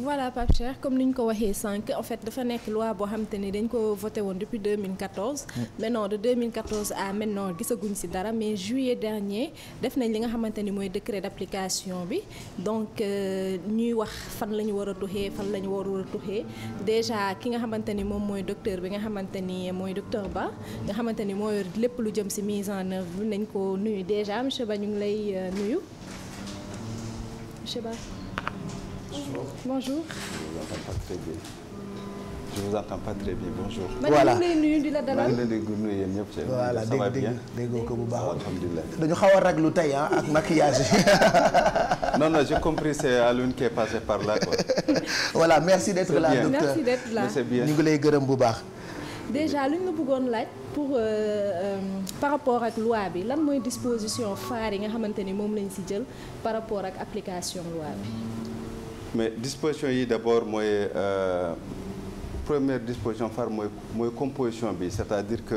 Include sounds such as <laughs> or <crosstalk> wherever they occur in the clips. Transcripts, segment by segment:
voilà Pape Cheikh comme ni ñu ko waxee sànq en fait dafa nekk loi boo xam te dañ ko voté woon depuis 2014. Mm. maintenant de 2014 à maintenant gisaguñ si dara mais juillet dernier def nañ li nga xamante ni mooy décret d'application bi donc euh, ñuy wax fan la ñu war a tuxee fan la ñu war a tuxee déjà ki nga xamante ni moom mooy docteur bi nga xamante ni mooy docteur Ba nga xamante ni mooy lépp lu jëm si mise en œuvre bi nañ ko nuyu déjà monsieur Ba ñu ngi lay euh, nuyu Bonjour. Bonjour. Je vous entends voilà maa ngi leen di nuyu di la dalal maa di nuyu déggoo ko bu baax. alhamdulilah dañu xaw a raglu tey ah ak maquillage yi. <laughs> non non j'ai compris c'est Alioune qui est par la quoi. <laughs> voilà merci d'être là docteur merci d'être là ñu ngi lay gërëm bu baax. déjà lu ñu bëggoon laaj pour euh, euh, par rapport ak loi bi lan mooy disposition phare yi nga xamante ni moom lañ ci jël par rapport ak application loi bi. mais disposition yi d' abord mooy euh, première disposition phare mooy mooy composition bi est à dire que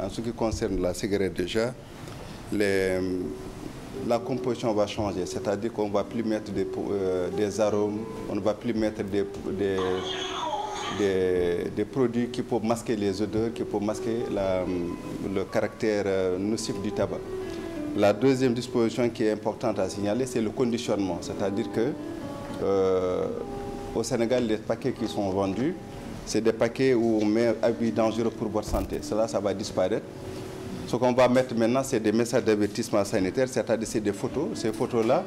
en ce qui concerne la cigarette déjà les la composition va changer c' à dire qu'on va plus mettre des euh, on ne va plus mettre des des des des produits qui peuvent masquer les odeurs qui peuvent masquer la le caractère euh, nocif du tabac. La deuxième disposition qui est importante à signaler c'est le conditionnement c'est à dire que Euh, au Sénégal, les paquets qui sont vendus, c'est des paquets où on met habits dangereux pour votre santé. Cela, ça va disparaître. Ce qu'on va mettre maintenant, c'est des messages d'avertissement sanitaire, c'est-à-dire des photos. Ces photos-là,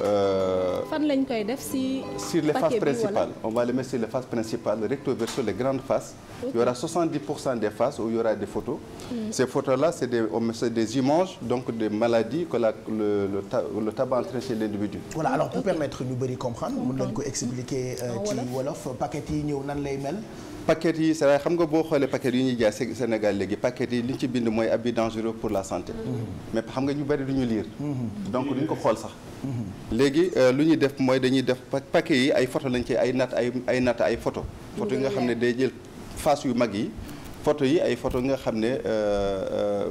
Euh, fan lañ koy def si. sur les faces principales on va les mettre sur les faces principales recto verso les grandes faces. Okay. il y aura 70% des faces où il y aura des photos. Mm. ces photos là c'est des des images donc des maladies que la le le, ta, le tabac entraîne chez l'individu. wala alors pour permettre ñu bëri comprendre. mën nañ ko expliquer. Euh, ci wolof paquet yi ñëw nan lay mel. paquet yi c'est xam nga boo xoolee paquet yu ñuy jaay Sénégal léegi paquet yi li ñu ci bind mooy abus dangereux pour la santé mmh. mais xam nga ñu bari du ñu lire mmh. donc duñ ko xool sax mmh. léegi euh, lu ñuy def mooy dañuy def paquet yi ay photo lañ ci ay nat ay ay nat ay photo photo yi nga xam ne day jël face yu mag yi photo yi ay photo nga xam ne euh, euh,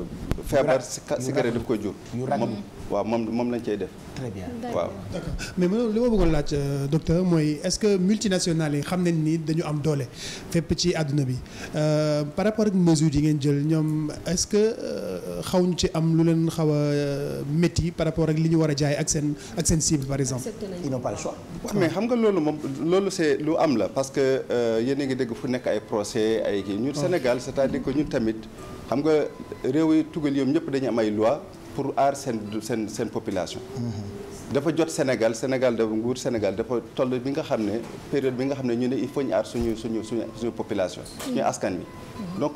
feebar cigarette daf koy jur moom waaw moom moom lañ cee def très bien waaw d'accord mais ma li ma bëggoon laaj euh, docteur mooy est-ce que multinationales yi xam nañ nii dañu am doole fépp ci àdduna bi par rapport ak mesures yi ngeen jël ñoom est-ce que xawuñ ci am lu leen xaw a métti par rapport ak li ñu war a jaay ak seen ak seen cible par exemple ils mais xam nga loolu moom loolu c'est lu am la parce que yéen a ngi dégg fu nekk ay procès ay kii ñu oh. senegal cest à dégg que ñun tamit xam nga réew yi tugal yom ñëpp dañu am ay loi pour aar seen seen seen population dafa jot Sénégal Sénégal dafa nguur Sénégal dafa toll bi nga xam ne période bi nga xam ne ñu ne il faut ñu aar suñu suñu su suñu population. suñu askan bi mm-hmm. donc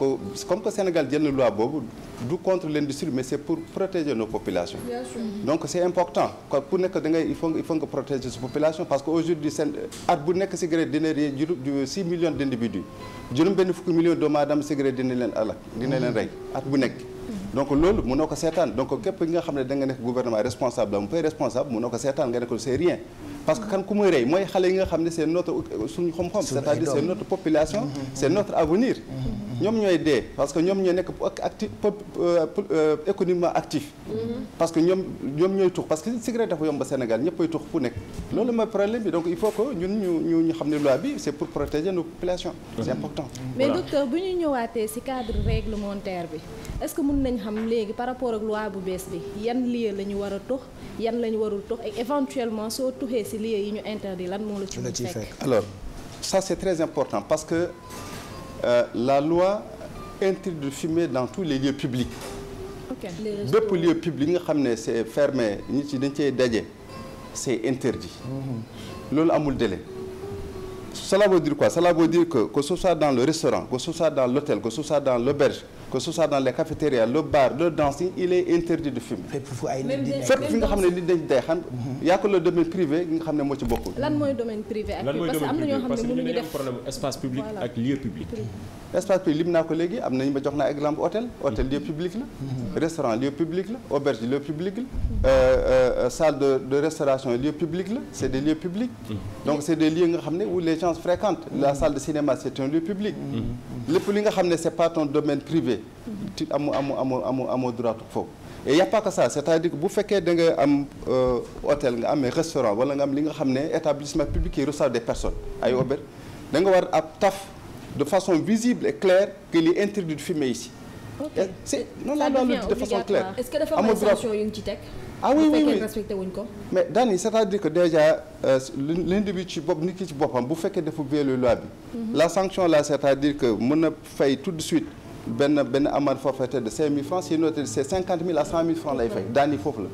comme que Sénégal jël na loi boobu du contre l'industrie mais c'est pour protéger nos populations. Mm-hmm. donc c'est important kon nekk da ngay il faut il faut population parce que aujourd'hui seen at bu nekk cigarette dina rey juróom benn fukki millions doomu aadama cigarette dina leen alak dina leen rey at bu nekk. donc loolu mënoo ko seetaan donc képp ki nga xam ne da nga nekk gouvernement responsable am peu responsable mënoo seetaan nga ne ko c'est parce que kan ku muy rey mooy xale yi nga xam ne c'est notre suñu xam-xam c'est-à-dire c'est notre population mm-hmm. c'est notre avenir mm-hmm. ñoom ñooy dee parce que ñoom ñooy nekk actif euh, économiquement actif mm-hmm. parce que ñoom ñoom ñooy tux parce que cigarette dafa yomb ba Sénégal ñëppay tux fu nekk loolu mooy problème bi donc il faut que ñun ñu ñu xam ne loi bi c'est pour protéger nos populations c'est important mais docteur bu ñu ñëwaatee ci cadre réglementaire bi est que mën nañ xam léegi par rapport ak loi bu bees bi yan lieu la ñu war a tux la ñu warul tux et éventuellement soo si yi ñu interdit lan moo la ci. ci fekk alors ça c'est très important parce que euh, la loi interdit de dans tous les lieux publics. ok bépp lieu public nga xam ne c'est fermé nit yi dañ cee daje c'est interdit. Mhm. loolu amul délai. cela veut dire quoi cela boo dire que que ce soit dans le restaurant que ce soit dans l'hôtel que ce soit dans l'auberge que ce soit dans les cafétérias le bar le dancing il est interdit de fumer. fépp ay nit di nga xam ne nit dañ day mhm. nga xam ne moo ci bokkul. lan mooy domaine privé ak xam ne mënuñu def naa ko léegi am nañu ma jox naa exemple hôtel hôtel lieu public la. Mhm. la auberge lieu public la. Mhm. Euh, euh, salle de de restauration lieu nga xam ne où les gens la salle de cinéma c' est lieu public. lépp li nga xam ne c'est pas ton domaine privé ti amu amu amu amu amoo droit foofu et y a c'est-à-dire bu fekkee da nga am euh, hôtel nga amee restaurant wala nga am li nga xam ne établissement public qui reçoit personne ay auberge da nga war ab taf de façon visible et claire que li interdit de fumer ok c'est noonu laa doon de façon claire. est-ce que dafa am ay sanctions yu ngi ci teg. ah oui oui oui respecté wuñ ko. mais daani c'est-à-dire que déjà euh, lundi bi ci bopp nit ki ci boppam bu fekkee dafa violé loi bi. Mhm. la sanction là c'est-à-dire que mën na fay tout de suite benn benn amende forfaitaire de 5000 francs sinon c'est 50 000 à 100 000 francs lay fay daani foofu la.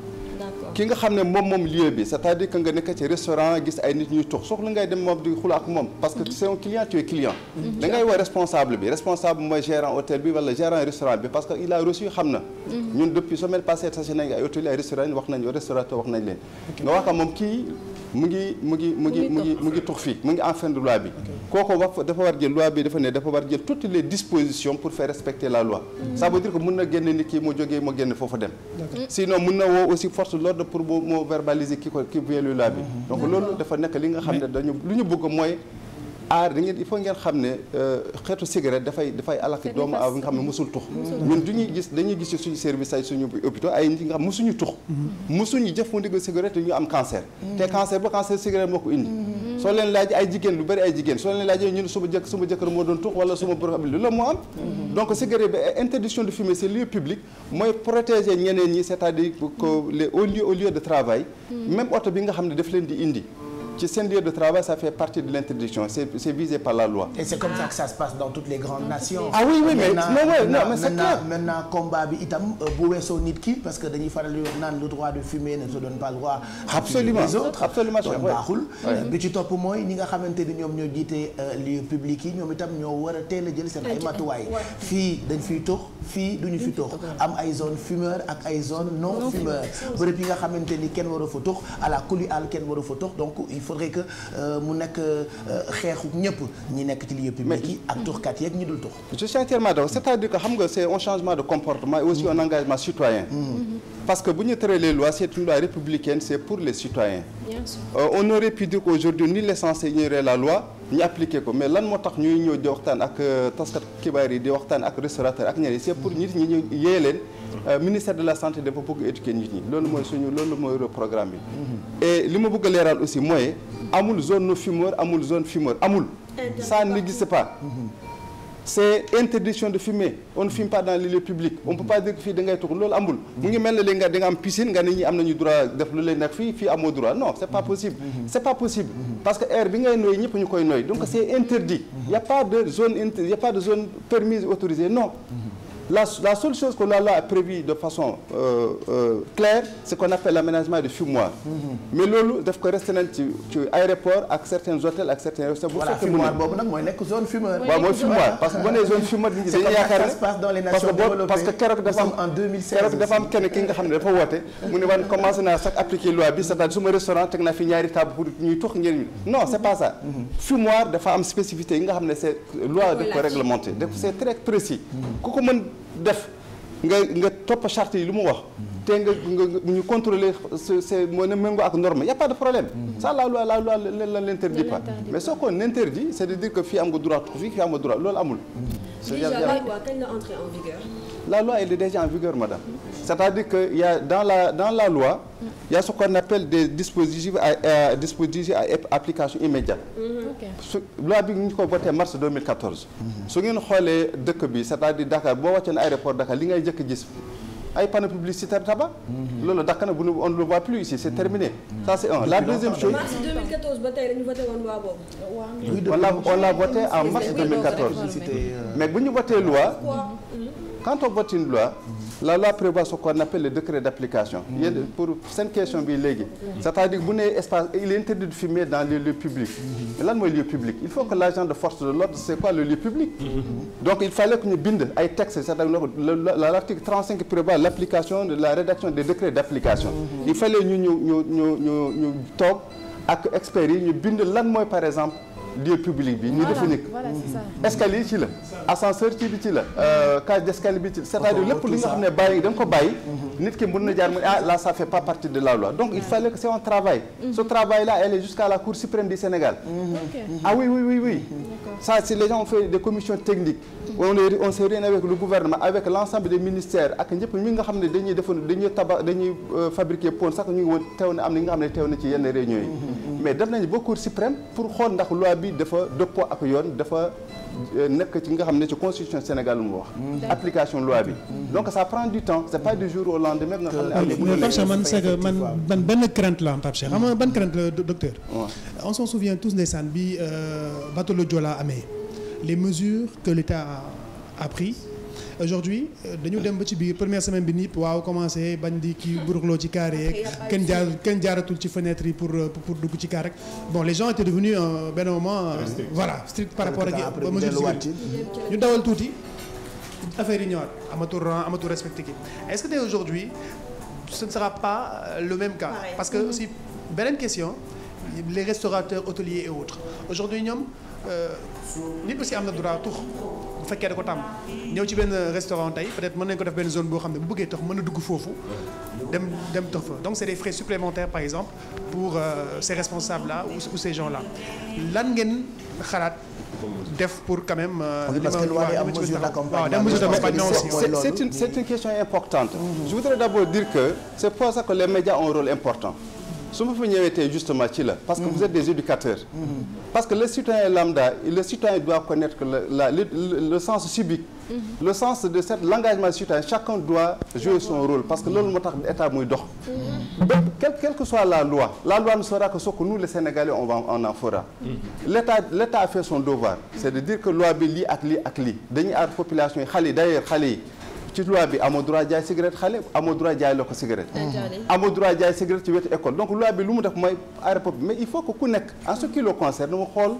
ki nga xam ne moom moom lieu bi c'est-à-dire que nga nekk ci restaurant gis ay nit ñuy tux soxla ngay dem moom di xula ak moom parce que c'est un client tu client mhm. da ngay woo bi restaurant bi parce que il a reçu xam na mhm. ñun depuis semaine passée tase nañ ay hôtel ay restaurant wax nañ restaurateur wax nañ leen nga wax ko moom kii mu ngi mu ngi mu ngi mu ngi mu ngi tux fii mu ngi en fin de loi bi kooku wax dafa war jël de pour moo verbaliser ki ko ki violu bi mhm. donc loolu dafa nekk li nga xam ne dañu lu ñu bëgg mooy aar di ngeen il faut ngeen xam ne euh, xeetu cigarette dafay dafay alak doomu aadama nga xam ne mosul tux ñun du ñuy gis dañuy gis ci suñu service ay suñu hôpitaux ay nit nga xam mosuñu tux mosuñu mhm. jëfandikoo cigarette ñu am cancer mhm. te cancer ba cancer cigarette moo ko indi soo leen laaj ay jigéen lu bari ay jigéen soo leen laajee ñun suma jëkk suma jëkkër moo doon tux wala suma borom lu la moo am mm-hmm. donc cigarette bi interdiction de fumer c'est lieu public mooy protéger ñeneen ñi c'est-à-dire que les au lieu au lieu de travail mm-hmm. même oto bi nga xam ne daf leen di indi ci seen lieu de travail ça fait partie de l'interdiction c'est c'est visé par la loi. et c'est comme ça que ça se passe dans toutes grandes nations. ah oui oui mais non mais c'est clair maintenant combat bi itam euh, bu weesoo nit ki parce que dañuy faral di naan le droit de fumer ne se donne pas le absolument les doon baaxul. bi ni ñoom ñoo jiite euh, lieu yi ñoom itam ñoo war a teel a jël fii dañ fiy tox fii duñu fi tox am ay zone fumeur ak ay zone non fumeur bërëb yi nga xamante ni kenn war a fa tox à la àll a fa faudrait que euh, mu nekk euh, xeexu ñëpp ñi nekk ci lieu public yi ak tuxkat yeeg ñi dul tux je suis entièrement d'accord c'est-à-dire que xam nga c'est un changement de comportement et aussi un engagement citoyen mm-hmm. parce que bu ñu tëree les lois c'est une loi républicaine c'est pour les citoyens. bien sûr euh, on aurait pu dire qu'aujourd'hui nul la loi ñu appliquer ko mais lan moo tax ñuy ñëw di waxtaan ak euh, taskat xibaar yi di waxtaan ak restaurateur ak ñeneen c'est pour nit ñi ñu yee leen. Euh, ministère de la santé dafa bëgg éduquer nit ñi loolu mooy suñu loolu mooy programme bi. Mhm. et li ma bëgg a leeral aussi mooy amul zone no fumeur amul zone fumeur amul. ça n'existe pas. c'est interdiction de fumer on ne fume dans les lieux on peut pas dire que fii da ngay loolu amul mu ngi mel ne léegi nga am piscine nga ne ñi am nañu droit def lu leen nag fii fii amoo droit non c'est pas possible mm-hmm. c'est pas possible parce que air bi ngay noyyi ñëpp ñu koy noyyi donc c'est interdit mm-hmm. y pas de zone inter y pas de zone permise autorisée non mm-hmm. La, la seule chose que l'on a prévue de façon euh, euh, claire c'est qu'on appelle l'aménagement de fumoir. Mhm. mais loolu daf ko resté nañ aéroport ak certains hôtels ak certains restaurants. voilà fumoir boobu parce que boo nee zone fumeur. c' est comme parce que keroog dafa am en 2016 nga xam ne dafa woote. mu ne man commencé naa sax loi bi cest restaurant teg fi ñaari table pour ñuy tox ngeen non c' pas ça. Mhm. fumoir dafa am spécificité nga xam ne def nga nga topp charte yi lu mu wax te nga nga ñu contrôler c'est moo ne méngoo ak norme y a pas de problème ça la loi la loi la l'interdit pas mais soo ko interdit c'est de dire que fii am nga droit fii fii am nga droit loolu amul déjà la loi kañ la entrée en vigueur la c'est-à-dire que il dans la dans la loi il y a ce des dispositifs à dispositifs à application immédiate su loi bi ñu ko voté mars 2014 su ngeen xoolee dëkk bi c'est-à-dire Dakar boo wàccee ne aéroport Dakar li ngay jëkk gis ay panneaux publicitaires tabac loolu dakk na bu on ne le voit plus ici c'est terminé c'est la deuxième chose mars 2014 l'a on l'a en mars bu ñu voté loi quand on loi la loi prévoit ce qu'on appelle le décret d'application yéen pour seen question bi léegi c'est-à-dire bu nee espace il est interdit de fumer dans les lieux publics lan mooy lieu public il faut que l'agent de force de l'ordre c'est quoi le lieu public donc il fallait que ñu bind ay textes c'est-à-dire l'article 35 prévoit l'application de la rédaction des décrets d'application il fallait ñu ñu ñu ñu ñu ñu toog ñu bind lan mooy par exemple lieu public bi ñu defa nekk escalier ci la ascenseur ci bi ci la euh, cage d'escalier bi ci la c'est-à-dire lépp li nga xam ne bàyyi da nga ko bàyyi mhm. nit ki mën na jaar mu ah là ça fait pas de la loi donc il fallait que mhm. jusqu'à la cour suprême du Sénégal mhm. ah oui oui oui oui ça c'est les fait des commissions techniques on est on avec le gouvernement avec l'ensemble des ministères ak ñëpp ñi nga xam ne dañuy defoon dañuy tabax dañuy euh, fabriquer pont sax ñu ngi woon teew na am ne bi dafa dëppoo ak yoon dafa euh, nekk ci nga xam ne ci constitution Sénégal lu mu wax. Mm-hmm. application loi bi. Mm-hmm. donc ça prend du temps c'est pas du jour au lendemain nga xam ne am na. Pape Cheikh man c'est benn crainte la am Pape Cheikh xam la docteur. on s'en souvient tous ndeysaan bi euh, bateau le amee les mesures que l'État a a pris. aujourd'hui euh, dañu dem ba ci biir première semaine bi ni nit waaw commencé bañ di kii buruxloo ci kaar yeeg kenn jaar kenn jaaratul ci fenêtre yi euh, pour pour dugg ci kaar rek bon les gens étaient devenus euh, benn moment voilà strict par rapport ak ba mesure ñu dawal tuuti affaire yi ñëwaat amatul rang amatul respecté ki est-ce que tey aujourd'hui ce ne sera pas le même cas parce que mm-hmm. aussi beneen question les restaurateurs hôteliers et autres aujourd'hui ñoom euh, nit aussi am na droit tux bu fekkee da ko tàmm ñëw ci benn restaurant tey peut-être mën nañu ko def benn zone boo xam ne bu bëggee tax mën na dugg foofu dem dem tax fa donc c'est des frais supplémentaires par exemple pour euh, ces responsables là ou, ces gens là lan ngeen xalaat def pour quand même. Euh, li ma waaw mm-hmm. que c'est pour ça que un rôle important. su ma fa ñëwee tey justement ci la. parce que vous êtes des éducateurs. parce que le citoyen lambda le citoyen doit connaître que la le, le, le sens civique. Mhm. le sens de cet l'engagement parce que loolu moo tax état muy dox. Mhm. quelle quelle que soit la loi la loi ne sera que ce que nous les Sénégalais on va en fera. Mhm. l'état l'état a fait son devoir. c'est de dire que loi bi lii ak lii ak lii dañuy aar population yi xale yi d'ailleurs xale yi. ci loi bi amoo droit jaay cigarette xale amoo droit jaay loo ko cigarette amoo droit jaay cigarette ci wetu école donc loi bi lu mu def mooy aéré pop mais il faut que ku nekk en ce qui le concerne mu xool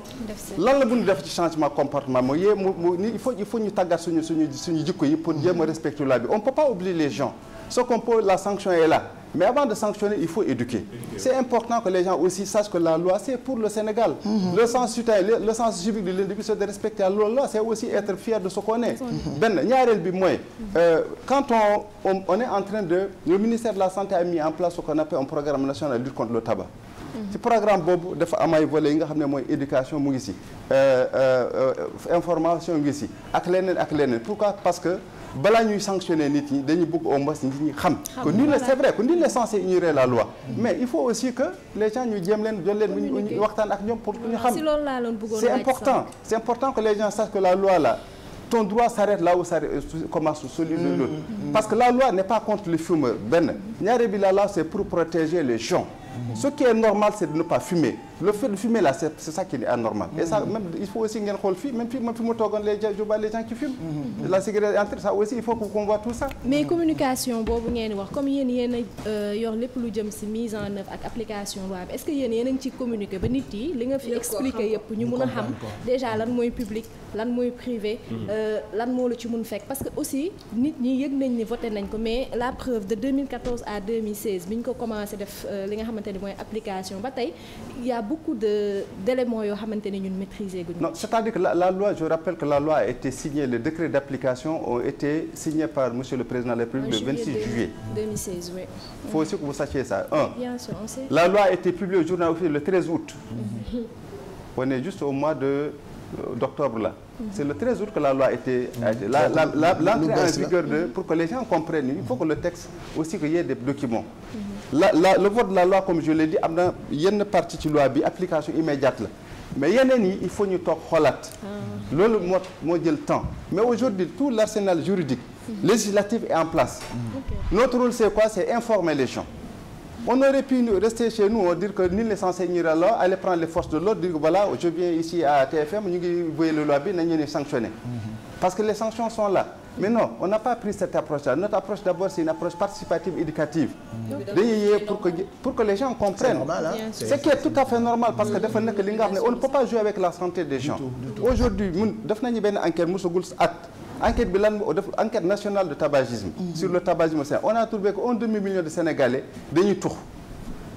lan la mun def ci changement comportement mooy yée mu ni il faut il faut ñu tàggat suñu suñu suñu jikko yi pour jéem a respecte loi bi on peut pas oublier les gens ce la sanction est là Mais avant de sanctionner, il faut éduquer. C'est important que les gens aussi sachent que la loi, c'est pour le Sénégal. Mm -hmm. Le sens citoyen, le, le sens civique de l'individu, c'est de respecter la loi. C'est aussi être fier de ce qu'on est. Mhm. Ben, ñaareel bi mooy mhm. euh, quand on, on on est en train de le ministère de la Santé a mis en place ce qu'on appelle un programme national de lutte contre le tabac. ci programme boobu dafa am ay volets yi nga xam ne mooy éducation mu ngi si euh, euh, information ngi si ak leneen ak leneen pourquoi parce que balaa ñuy sanctionner nit ñi dañuy bëgg au moins nit ñi xam que nul ne c'est vrai que nul n'est censé ignorer la loi mais il faut aussi que les gens ñu jéem leen jël leen bu waxtaan ak ñoom pour ñu xam c'est important c'est important que les gens sachent que la loi là ton droit s'arrête là où ça euh, commence celui de mm. l'autre mm. parce que la ñaare bi la loi c'est pour les gens Ce qui est normal, c'est de ne pas fumer. le fait de fumer là c'est ça qui est anormal et ça même il faut aussi ngeen xool fii même fii ma fi ma toogoon les je vois les gens qui fument mm-hmm. la cigarette entre ça aussi il faut qu'on voit tout ça mais communication boobu ngeen wax comme yéen yéen a euh, yor lépp lu jëm ci mise en œuvre ak application loi bi est-ce que yéen yéen a ngi ci communiquer ba nit yi li nga fi expliquer yëpp ñu mun a xam déjà lan mooy public lan mooy privé mm-hmm. euh, lan moo la ci mun fekk parce que aussi nit ñi yëg nañ ni voté nañ ko mais la preuve de 2014 à 2016 bi ñu ko commencé def euh, li nga xamante ni mooy application ba tey beaucoup de d'éléments yoo xamante ñun maîtriser guñu. la, la loi je rappelle que la loi a été signée les le président de la République le 26 juillet 2016 oui. il faut ça la loi a été publiée au journal le 13 août. Mhm. on est juste de euh, d'octobre là. c'est le très août que la loi a été. Euh, mm. la la la mm. l'entrée en vigueur de pour que les gens comprennent il faut que le texte aussi qu'il y ait des documents. Mm-hmm. le vote de la loi comme je l'ai dit am na yenn partie ci loi bi application immédiate la. mais yeneen yi il faut ñu toog xoolaat ah. loolu moo moo jël temps mais aujourd'hui tout l'arsenal juridique mm-hmm. législatif est en place mm-hmm. notre rôle c'est c'est informer les gens On aurait pu rester chez nous, on dire que nul n'est censé ñuy là, aller prendre les forces de l'ordre, dire voilà, je viens ici à TFM, ñu ngi voyer le loi bi nañu leen sanctionner. Mhm. Parce que les sanctions sont là. Mais non, n'a pas pris cette approche-là. Notre approche d'abord, c'est une approche participative éducative. Mhm. Dañuy pour que pour que les gens comprennent. Ce qui est tout à fait normal parce que dafa nekk li nga xam ne on ne peut pas jouer avec la santé des gens. Aujourd'hui, enquête bi lan def enquête nationale de tabagisme. Mhm. sur le tabagisme au Sénégal on a trouvé que un demi million de Sénégalais dañuy tux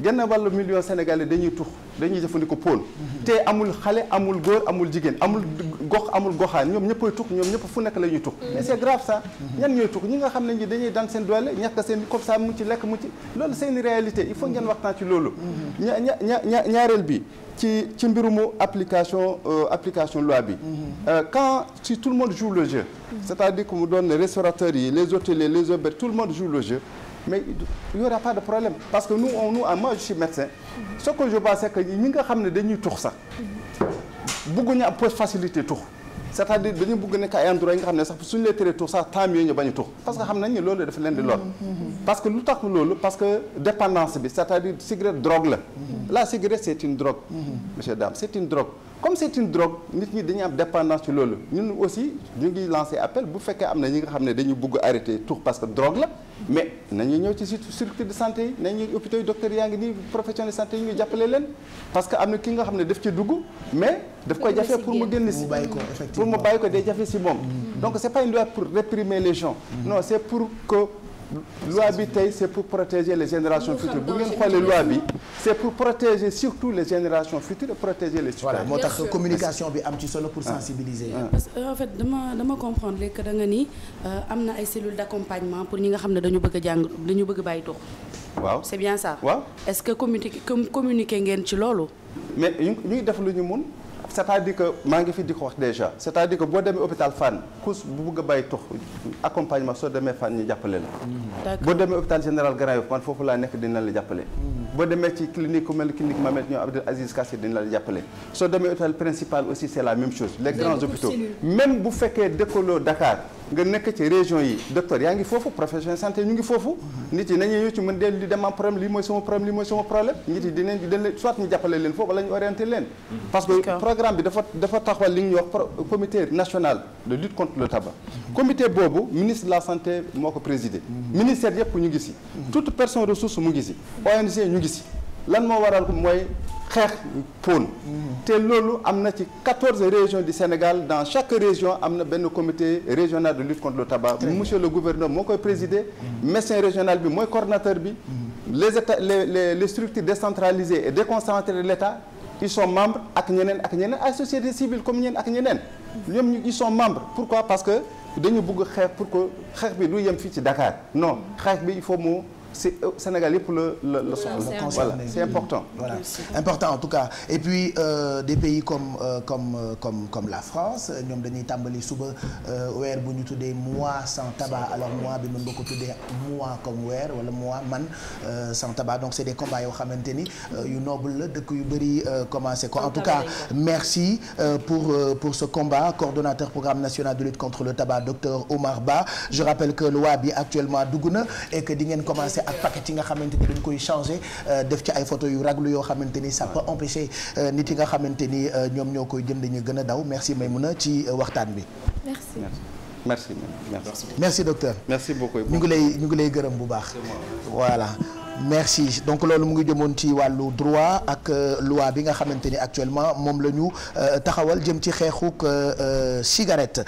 genn wàllu million sénégalais dañuy tux dañuy jëfandikoo pôle te amul xale amul góor amul jigéen amul gox amul goxaan ñoom ñëppay tux ñoom ñëpp fu nekk la ñuy tux mais c'est grave ça ñooy tux ñi nga xam ne ñi dañuy daan seen doole ñàkk seen comme ça mu ci lekk mu ci loolu c'est une réalité il faut ngeen waxtaan ci loolu ña ña ña ñaareel bi ci ci mbirumu application euh, application loi bi euh, quand si tout le monde joue le jeu c'est-à-dire que mu doon ne restaurateurs yi les hôteliers les auberges tout le monde joue mais il y aura pas de problème parce que nous on nous ah, moi je suis médecin ce que je ñi nga xam ne dañuy tux sax bëgguñu am facilité tux c'est-à-dire dañu bëgg nekk ay endroit yi nga xam ne sax suñu lay teree tux sax temps yooyu ñu bañ tux parce que xam nañ ne loolu dafa leen di lool parce que lu tax loolu parce que dépendance bi c'est-à-dire cigarette drogue la la cigarette c'est une drogue monsieur Dame c'est drogue comme c'est une drogue nit ñi dañuy am dépendance ci loolu ñun aussi ñu ngi lancé appel bu fekkee am na ñi nga xam ne dañu bugg arrêté tout parce que drogue la mais nañu ñëw ci structure de santé yi nañu hôpitaux yi yaa ngi nii professionnels de santé ñu jàppale leen parce que am na ki nga xam ne daf ci dugg mais daf koy jafe pour mu génn si pour mu bàyyi ko day jafe si moom mm. donc c'est pas une loi pour réprimer les gens mm. non c'est pour que loi bi tey c'est pour protéger les générations futures bu ngeen xoolee loi bi c'est pour protéger surtout les générations futures et protéger les citoyens. moo tax communication bi am ci solo pour sensibiliser. Ah. parce que en fait dama dama comprendre léegi da nga ni euh, am na ay cellules d'accompagnement pour ñi nga xam ne dañu bëgg jàng dañu bëgg a bàyyi tox waaw c'est bien ça. waaw est-ce que communiquer communiquer ngeen ci loolu. mais ñu ngi def lu ñu mun. cest à maa ngi fi di ko wax déjà cest boo demee hôpital Fann ku bu bugg a bàyyi tux accompagnement soo demee Fann ñu jàppale la. Mm. boo demee hôpital général Grand Yoff man foofu laa nekk dina la jàppale. Mm. boo demee ci clinique ku mel clinique Mamet ñoom Abdou Aziz Kassé dañ la jàppale soo demee hôpital principal aussi c'est la même chose les grands hôpitaux même bu fekkee dëkkaloo Dakar nga nekk ci région yi docteur yaa ngi foofu professionnel santé ñu ngi foofu nit yi nañu ñu ci mën deel di dem problème lii mooy sama problème lii yi dinañ soit ñu jàppale leen foofu wala ñu leen mm-hmm. parce que programme bi dafa taxawal li ñuy wax comité national mm-hmm. la santé moo ko présidé mm-hmm. ministère yëpp ñu ngi si toute personne ressource mu gis lan moo waral ko mooy xeex pon te loolu am na ci quatorze régions du Sénégal dans chaque région am na benn comité régional de lutte contre le tabac monsieur le gouverneur moo koy présider mm-hmm. médecin régional bi mooy ordinateur bi mm-hmm. les états les les structures décentralisées et déconcentrées de l'État ils sont membres ak ñeneen ak ñeneen ay société civile comme ñeneen ak ñeneen ñoom ñu ils sont membres pourquoi parce que dañu bugg xeex pour que xeex bi du yem fii ci Dakar c'est euh, Sénégal yëpp la la la soxla voilà c'est important important en tout cas et puis euh, des pays comme euh, comme comme comme la France ñoom dañuy tàmbali suba weer bu ñu tuddee mois sans tabac alors mois bi mën nga ko tuddee mois comme weer wala mois man sans tabac donc c'est des combats yoo xamante ni yu noble la dëkk yu bëri commencé ko en tout cas merci pour pour ce combat coordonnateur programme national de lutte contre le tabac docteur Omar Ba je rappelle que loi bi actuellement dugg na et que di ngeen ak paquet yi nga xamante ni dañ koy changé euh, def ci ay photo yu raglu yoo xamante ni ça peut empêcher euh, nit yi nga xamante ni euh, ñoom ñoo koy jënd ñu gën a daw merci a ci waxtaan bi. merci merci merci. merci docteur. merci ñu ngi lay ñu ngi lay gërëm bu baax. voilà. merci donc loolu mu ngi jëmoon ci wàllu droit ak loi bi nga xamante ni actuellement moom la ñu taxawal jëm ci xeexuk cigarette